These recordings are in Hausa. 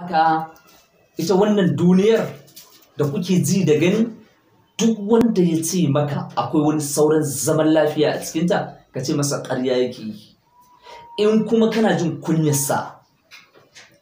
haka ita wannan duniyar da kuke ji da gani duk wanda ya ce maka akwai wani sauran zaman lafiya a cikinta ka ce masa ƙarya yake yi in kuma kana jin kunyarsa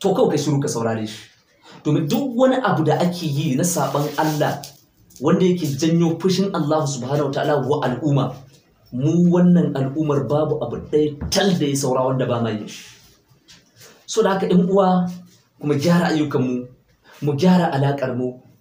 to kawai ka shiru ka saurare shi domin duk wani abu da ake yi na saɓan Allah wanda yake janyo fushin Allah subhanahu wa ta'ala wa al'umma mu wannan al'ummar babu abu ɗaya tal da ya saura wanda ba ma yi so da haka in uwa kuma gyara ayyukanmu mu gyara alaƙar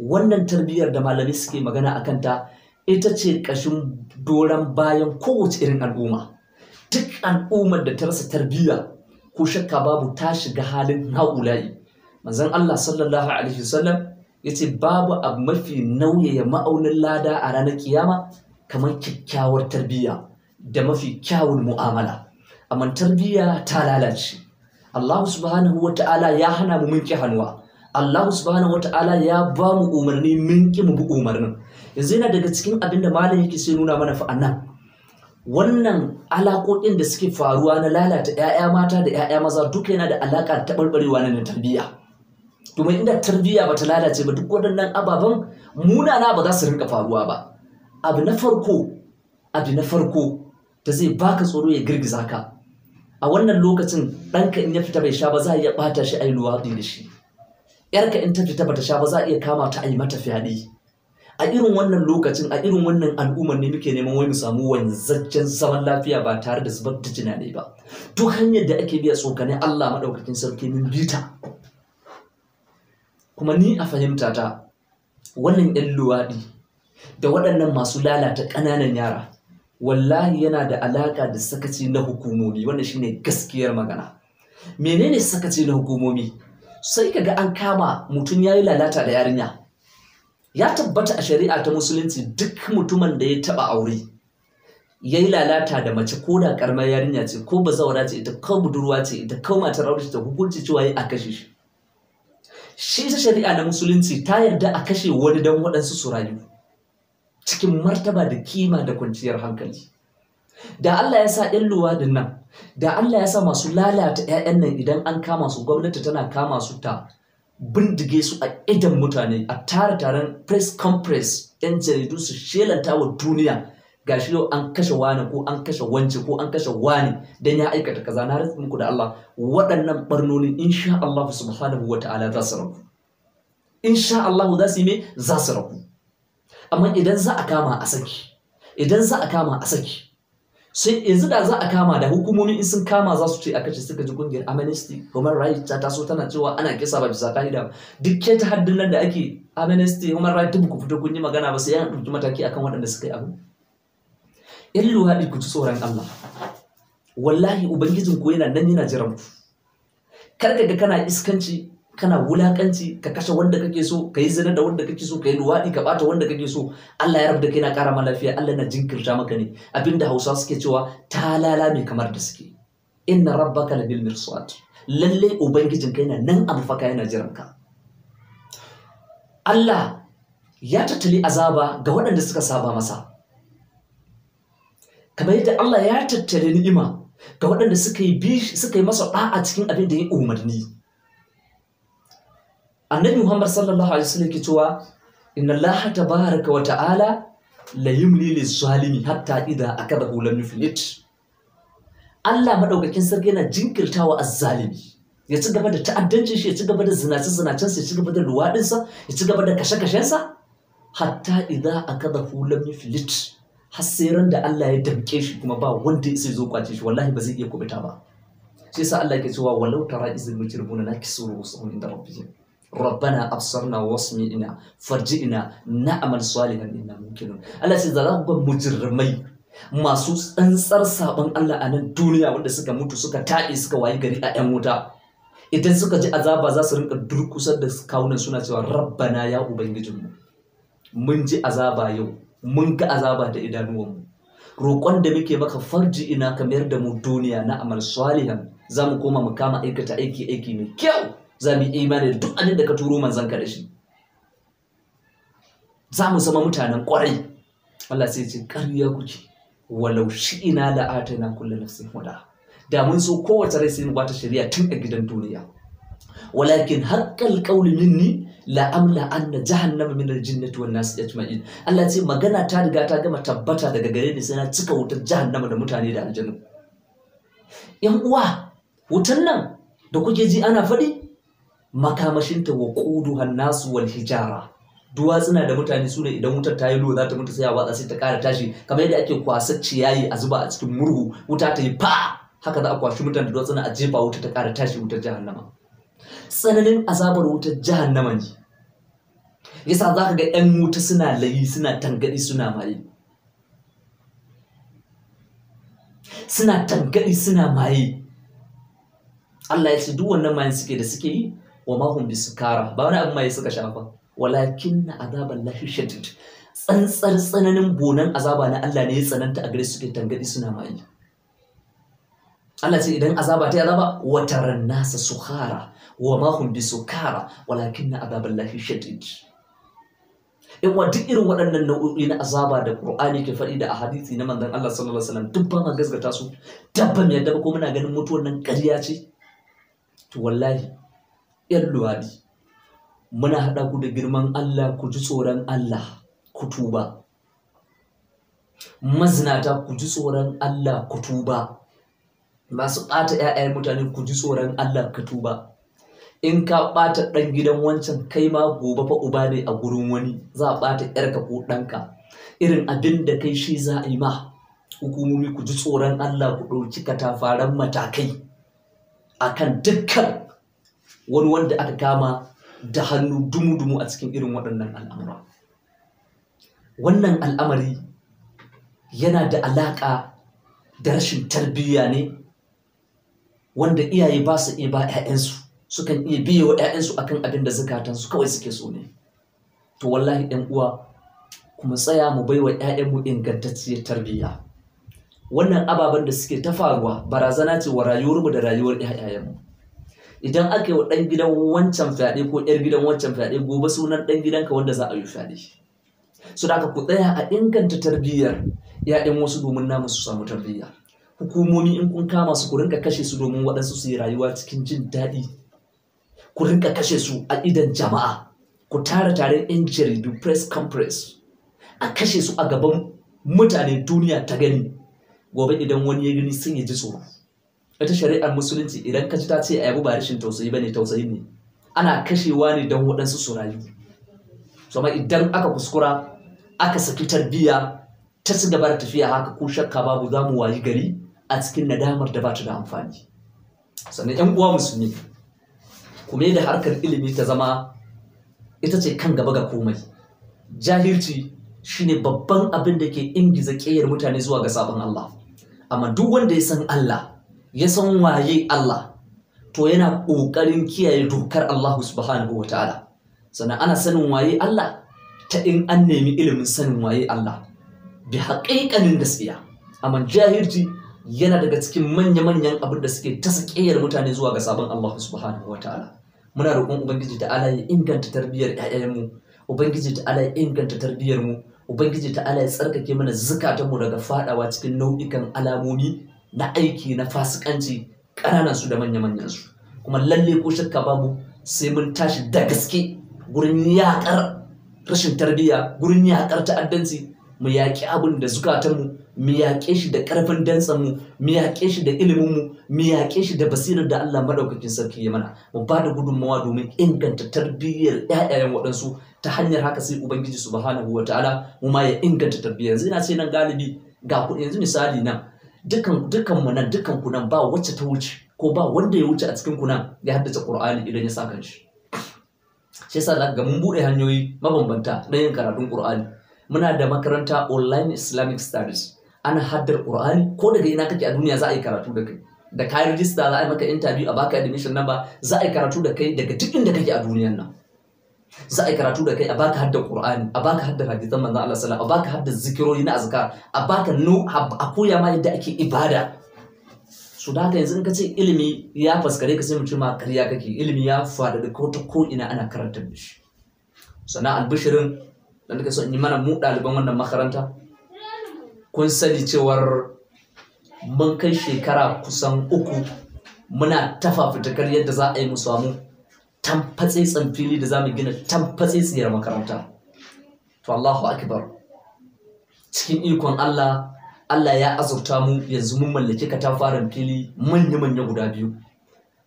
wannan tarbiyyar da malamai suke magana a kanta ita ce ƙashin doron bayan kowace irin al'umma duk al'ummar da ta rasa tarbiyya ko shakka babu ta shiga halin haƙulayi manzon Allah sallallahu alaihi wasallam ya ce babu abu mafi nauyaya ma'aunin lada a ranar kiyama kamar kyakkyawar tarbiyya da mafi kyawun mu'amala amma tarbiyya ta lalace Allah subhanahu wa ta'ala ya hana mu minke hannuwa Allah subhanahu wa ta'ala ya ba mu umarni minke mu bi umarnin yanzu yana daga cikin abin da malam yake sai nuna mana nan wannan alaƙoƙin da suke faruwa na lalata 'ya'ya mata da 'ya'ya maza duk yana da alaƙa da taɓarɓarewa na tarbiyya domin inda tarbiyya ba ta lalace ba duk waɗannan ababen munana ba za su rinka faruwa ba abu na farko abu na farko da zai baka tsoro ya girgiza ka a wannan lokacin ɗanka in ya fita bai sha ba za a iya ɓata shi a yi luwaɗi da shi yarka in ta fita bata sha ba za a iya kama ta a yi mata fyaɗe a irin wannan lokacin a irin wannan al'ummar ne muke neman wai mu samu wanzaccen zaman lafiya ba tare da zubar da jinane ba duk hanyar da ake biya tsokane Allah maɗaukakin sarki min bita kuma ni a fahimta ta wannan 'yan luwaɗi da waɗannan masu lalata ƙananan yara wallahi yana da alaka da sakaci na hukumomi wannan shine gaskiyar magana menene sakaci na hukumomi sai ka ga an kama mutum ya yi lalata da yarinya ya tabbata a shari'a ta musulunci duk mutumin da ya taba aure Ya yi lalata da mace ko da karamar yarinya ce ko ba zaura ce ita ko budurwa ce ita ko matar aure ce ta hukunci cewa yi kashe shi shi ta shari'a na musulunci ta yarda a kashe wani dan waɗansu su rayu cikin martaba da kima da kwanciyar hankali da Allah ya sa ɗin da nan da Allah ya sa masu lalata 'ya'yan nan idan an kama su gwamnati tana kama su ta bindige su a idan mutane a tara taron press conference 'yan jaridu su shelanta wa duniya ga shi yau an kashe wani ko an kashe wance ko an kashe wani don ya aikata kaza na muku da Allah waɗannan barnoni insha Allah subhanahu wataala za su rabu insha Allah za su yi me za su rabu amma idan za a kama a saki idan za a kama a saki sai yanzu da za a kama da hukumomi in sun kama za su ce a kace suka ji kungiyar amnesty human rights ta taso tana cewa ana kisa ba bisa ka'ida duk ke ta haddin nan da ake amnesty human rights ta ku fito kun yi magana ba sai an ɗauki mataki akan waɗanda suka yi abu yan luwaɗi ku ci tsoron Allah wallahi ubangijin ku yana nan yana jiran ku kar ka ga kana iskanci kana wulakanci ka kashe wanda kake so ka yi zina da wanda kake so ka yi luwaɗi ka ɓata wanda kake so Allah ya rabu da kai na ƙara ma lafiya Allah na jinkirta maka ne abinda Hausa suke cewa ta lala kamar da suke inna rabbaka bil mirsad lalle ubangijin kai na nan alfaka yana jiran ka Allah ya tattali azaba ga waɗanda suka saba masa kamar yadda Allah ya tattali ni'ima ga waɗanda suka yi masa ɗa'a cikin abin da ya umarni annabi muhammad sallallahu alaihi wasallam ke cewa inna allah tabaraka wa ta'ala la yumli lizzalimi hatta idha akabahu lam yuflit Allah madaukakin sarki yana jinkirtawa azzalimi ya ci gaba da ta'addancin shi ya ci gaba da zinace zinacen sa ya ci gaba da luwadin sa ya ci gaba da kashe kashen sa hatta idza akabahu lam yuflit har sai ran da Allah ya damke shi kuma ba wanda zai zo kwace shi wallahi ba zai iya kubuta ba sai sa Allah yake cewa walau tara izil mujrimuna nakisuru usuhum inda rabbihim rabbana absarna wasmi'na farji'na ina, salihan inna mumkinun Allah sai zara ga masu tsantsar sabon Allah a nan duniya wanda suka mutu suka taɗe suka wayi gari a 'yan wuta idan suka ji azaba za su rinka durkusar da kawunan suna cewa rabbana ya ubangijinmu mun ji azaba yau mun ga azaba da idanuwanmu roƙon da muke maka farji ina mayar da mu duniya na amal salihan za mu koma mu kama aikata aiki aiki mai kyau za mu yi imani da duk abin da ka turo ka da shi za mu zama mutanen kwarai Allah sai ce ƙarya kuke walau shi ina da atana kullu nafsin huda da mun so kowace rai sai mu bata shari'a tun a gidan duniya walakin haqqal qawli minni la amla anna jahannama min al-jinnati wan nas ajma'in Allah ce magana ta riga ta gama tabbata daga gare ni sai na cika wutar jahannama da mutane da aljanna yan uwa wutan nan da kuke ji ana faɗi makamashinta wa ƙudu hannasu wal hijara duwatsuna da mutane su ne idan wutar ta yi lo za ta mutu sai a watsa sai ta ƙara tashi kamar yadda ake kwasa ciyayi a zuba a cikin murhu wuta ta yi fa haka za a kwashi mutane da duwatsuna a jefa wuta ta ƙara tashi wutar jahannama tsananin azabar wutar jahannama ne yasa za ka ga 'yan wuta suna layi suna tangaɗi suna maye suna tangaɗi suna maye Allah ya ce duk wannan mayan suke da suke yi wa mahum bisukara ba wani abin mai suka shafa walakin na azaban tsantsar tsananin bonan azaba na Allah ne ya tsananta a gare su ke tangadi suna mai Allah ce idan azaba ta azaba wataran nasa sukhara wa mahum bisukara walakin na azaban lahi shadid in wa duk irin waɗannan nau'o'i na azaba da Qur'ani ke faɗi da ahadisi na manzon Allah sallallahu alaihi wasallam duk ba gaskata su tabban yadda ko muna ganin mutuwar nan ƙarya ce to wallahi 'yan luwadi muna haɗa ku da girman Allah ku ji tsoron Allah ku tuba mazinata ku ji tsoron Allah ku tuba masu ɓata 'ya'yan mutane ku ji tsoron Allah ku tuba in ka ɓata ɗan gidan wancan kai ma gobe fa uba ne a gurin wani za a ɓata 'yarka ko ɗanka irin abin da kai shi za a yi ma hukumomi ku ji tsoron Allah ku ɗauki katafaren matakai akan dukkan wani wanda aka kama da hannu dumu-dumu a cikin irin waɗannan al'amura wannan al'amari yana da alaƙa da rashin tarbiyya ne wanda iyaye ba su iya ba 'ya'yansu sukan iya biya wa 'ya'yansu akan abin da zukatansu kawai suke so ne to wallahi ɗan uwa kuma tsaya mu bai wa 'ya'yanmu ingantacciyar tarbiyya wannan ababen da suke ta faruwa barazana ce wa rayuwarmu da rayuwar 'ya'yanmu idan aka yi wa ɗan gidan wancan fyaɗe ko ƴar gidan wancan fyaɗe gobe sunan ɗan gidanka wanda za a yi fyaɗe su da ku tsaya a inganta tarbiyyar ‘ya'yan wasu domin namu su samu tarbiyya hukumomi in kun kama su ku rinka kashe su domin waɗansu su yi rayuwa cikin jin daɗi ku rinka kashe su a idan jama'a ku tara taron ‘yan jaridu press conference a kashe su a gaban mutane duniya ta gani gobe idan wani ya gani sun ya ji tsoro ita shari'ar musulunci idan ka ji ta ce ayabu ba rashin tausayi bane tausayi ne ana kashewa ne don waɗansu su rayu amma idan aka kuskura aka saki tarbiyya ta ci gaba da tafiya haka ko shakka babu za mu wayi gari a cikin nadamar da ba ta da amfani sannan yan uwa musulmi kuma da harkar ilimi ta zama ita ce kan gaba ga komai jahilci shine babban abin da ke ingiza ƙeyar mutane zuwa ga sabon Allah amma duk wanda ya san Allah ya san waye Allah to yana ƙoƙarin kiyaye dokar Allah subhanahu wa ta'ala sannan ana sanin waye Allah ta in an nemi ilimin sanin waye Allah bi haƙiƙanin gaskiya amma jahilci yana daga cikin manya-manyan abin da suke ta sakeyar mutane zuwa ga sabon Allah subhanahu wa ta'ala muna roƙon ubangiji ta'ala ya inganta tarbiyyar ƴaƴanmu ubangiji ta'ala ya inganta tarbiyyar mu ubangiji ta'ala ya tsarkake mana zukatanmu daga fadawa cikin nau'ikan alamomi na aiki na fasikanci ƙananan su da manya-manyan su kuma lalle ko shakka babu sai mun tashi da gaske gurin yaƙar rashin tarbiyya gurin yaƙar ta'addanci mu yaƙi abin da zukatanmu mu yaƙe shi da ƙarfin dantsanmu mu yaƙe shi da iliminmu mu yaƙe shi da basirar da Allah maɗaukakin sarki ya mana mu ba da gudunmawa domin inganta tarbiyyar ƴaƴayen waɗansu ta hanyar haka sai ubangiji subhanahu wataala mu ma ya inganta tarbiyyar yanzu ina ce nan galibi ga kuɗi yanzu misali nan dukan dukan nan dukan ku nan ba wacce ta wuce ko ba wanda ya wuce a cikin ku nan ya haddace Qur'ani idan ya sa kanshi shi yasa zaka ga mun bude hanyoyi mabambanta na yin karatun Qur'ani muna da makaranta online Islamic studies ana haddar Qur'ani ko daga ina kake a duniya za a yi karatu da kai da ka rijista za a yi maka interview a baka admission number za a yi karatu da kai daga duk inda kake a duniyar nan za a yi karatu da kai a baka hadda qur'ani a baka hadda hadisan manzon Allah sallallahu alaihi a baka hadda zikirori na azkar a baka nu a koya ma yadda ake ibada su da haka yanzu in kace ilimi ya faskare ka sai mu ce ma kariya kake ilimi ya faɗaɗa ko kota ko ina ana karantar da shi sannan albishirin da nake so in yi mana mu ɗaliban wannan makaranta kun sani cewar mun kai shekara kusan uku muna tafa fitakar yadda za a yi mu samu san fili da za mu gina tsiyar makaranta to Allahu akbar cikin ikon Allah Allah ya azurta mu yanzu mun mallaki katafaren fili manya-manya guda biyu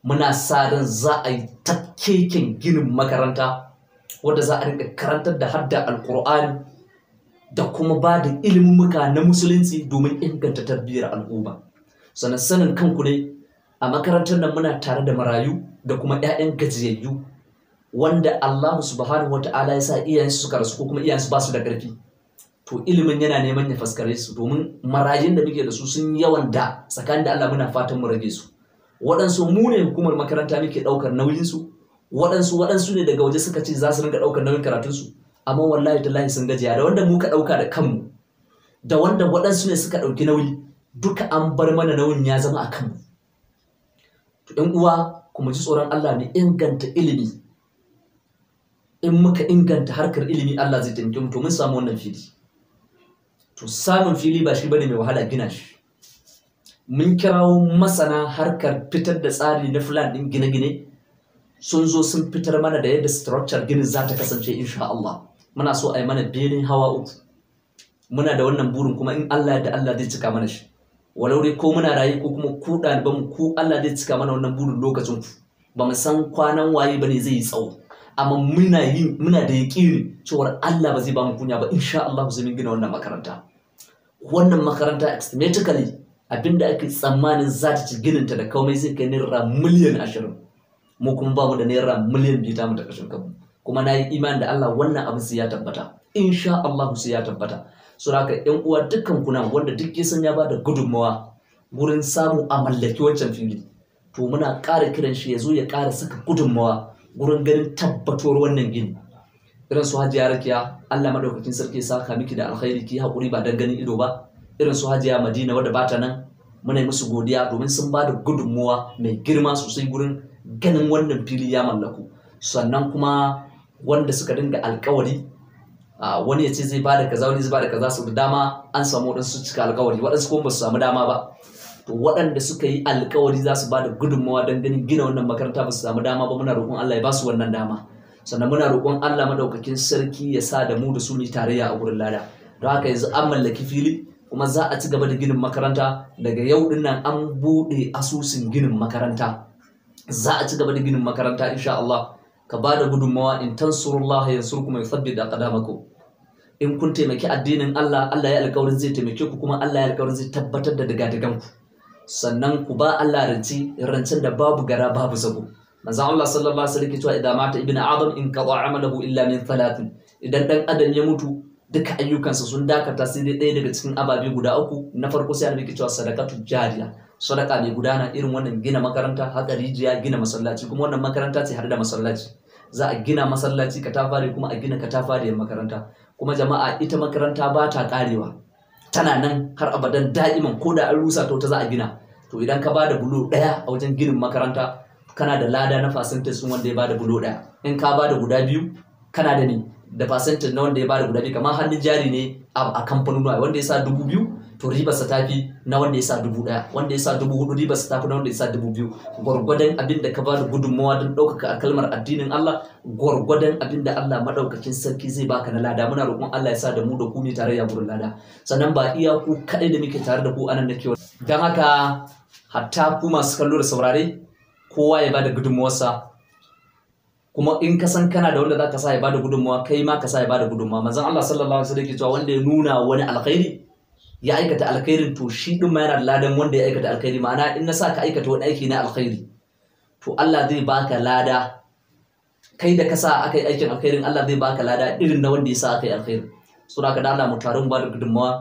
muna sa ran za a yi takkeken ginin makaranta wadda za a rinka karantar da hadda alkur'ani da kuma ba da ilimin na musulunci domin inganta tarbiyyar al'umma sannan sanin kanku ne a makarantar nan muna tare da marayu da kuma 'ya'yan gajiyayyu wanda Allah subhanahu wata'ala ya sa iyayensu suka rasu ko kuma iyayensu ba su da ƙarfi to ilimin yana neman ya faskare su domin marayun da muke da su sun yawan da tsakanin da Allah muna fatan mu rage su waɗansu mu ne hukumar makaranta muke ɗaukar nauyin su waɗansu waɗansu ne daga waje suka ce za su rinka ɗaukar nauyin karatun su amma wallahi ta lahi sun gajiya da wanda muka ɗauka da kanmu da wanda waɗansu ne suka ɗauki nauyi duka an bar mana nauyin ya zama a kanmu to ɗan uwa kuma ji tsoron Allah ne inganta ilimi in muka inganta harkar ilimi Allah zai taimake mu to mun samu wannan fili to samun fili ba shi bane mai wahala gina shi mun kirawo masana harkar fitar da tsari na fulan din gine-gine sun zo sun fitar mana da yadda structure ginin za ta kasance insha Allah muna so a yi mana benin hawa uku muna da wannan burin kuma in Allah da Allah zai cika mana shi walau dai ko muna rayu ko kuma ku mu ku Allah zai cika mana wannan burin lokacin ku ba mu san kwanan waye bane zai yi tsawo amma muna yin muna da yaƙini cewa Allah ba zai ba mu kunya ba insha Allah zai mun gina wannan makaranta wannan makaranta estimatically abinda ake tsammanin za ta ci gininta da komai zai kai naira miliyan ashirin mu kuma ba mu da naira miliyan biyu ta mu da ƙarshen kanmu kuma na yi imani da Allah wannan abin sai ya tabbata insha Allah sai ya tabbata suraka yan uwa dukkan kuna wanda duk ya san ya bada gudunmawa wurin samu a mallaki wancan fili to muna ƙara kiran shi ya zo ya ƙara saka gudunmawa wurin ganin tabbatuwar wannan gini irin su hajiya rakiya Allah madaukakin sarki ya saka miki da alkhairi ki haƙuri ba dan ganin ido ba irin su hajiya madina wadda bata nan muna yi musu godiya domin sun ba da gudunmawa mai girma sosai wurin ganin wannan fili ya mallaku sannan kuma wanda suka dinga alkawari wani ya ce zai ba da kaza wani zai da kaza su da dama an samu waɗansu cika alkawari waɗansu kuma ba su samu dama ba to waɗanda suka yi alkawari za su da gudunmawa don ganin gina wannan makaranta ba su samu dama ba muna roƙon Allah ya ba su wannan dama sannan muna roƙon Allah madaukakin sarki ya sa da mu da su ne tarayya a gurin lada don haka yanzu an mallaki fili kuma za a ci gaba da ginin makaranta daga yau din nan an buɗe asusun ginin makaranta za a ci gaba da ginin makaranta insha Allah ka ba da gudunmawa in tansurullah yansurkum yuthabbit aqdamakum in kun taimaki addinin Allah Allah ya alƙawarin zai taimake ku kuma Allah ya alƙawarin zai tabbatar da daga ku sannan ku ba Allah ranci rancin da babu gara babu zago manzon Allah sallallahu alaihi wasallam cewa idan mata Ibina adam in qada amalahu illa min thalathin idan ɗan adam ya mutu duka ayyukansa sun dakata sai dai ɗaya daga cikin ababe guda uku na farko sai annabi ke cewa sadaqatu jariya sadaka mai gudana irin wannan gina makaranta haka rijiya gina masallaci kuma wannan makaranta ce har da masallaci za a gina masallaci katafare kuma a gina katafare makaranta kuma jama'a ita makaranta ba ta karewa tana nan har abadan da'iman ko da an rusa ta za a gina to idan ka ba da bulo ɗaya a wajen ginin makaranta kana da lada na fasantin sun wanda ya ba da bulo ɗaya in ka ba da guda biyu kana da ne da fasantin na wanda ya ba da guda biyu kamar hannun jari ne a kamfanin wanda ya sa dubu biyu to ribarsa ta fi na wanda ya sa dubu daya, wanda ya sa dubu hudu ribarsa ta fi na wanda ya sa dubu biyu gwargwadon abin da ka bada gudunmawa don ɗaukaka a kalmar addinin Allah gwargwadon abin da Allah madaukakin sarki zai baka na lada muna roƙon Allah ya sa da mu da ku ne tare ya gurin lada sannan ba iya ku kaɗai da muke tare da ku anan na kewa don haka hatta ku masu kallo da saurare kowa ya bada gudunmawarsa kuma in ka san kana da wanda za ka sa ya bada gudunmawa kai ma ka sa ya bada gudunmawa manzon Allah sallallahu alaihi wasallam yake cewa wanda ya nuna wani alkhairi ya aikata alkhairin to shi din ma yana ladan wanda ya aikata alkhairi ma'ana in na sa ka aikata wani aiki na alkhairi to Allah zai baka lada kai da ka sa aka yi aikin alkhairin Allah zai baka lada irin na wanda ya sa aka yi alkhairin da ka dala mu tarin ba da gudunmawa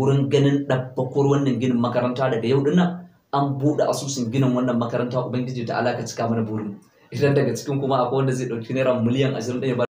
gurin ganin ɗabbakuwar wannan ginin makaranta daga yau dinnan an buɗe asusun ginin wannan makaranta ubangiji ta alaka cika mana burin idan daga cikin kuma akwai wanda zai ɗauki naira miliyan ashirin ɗaya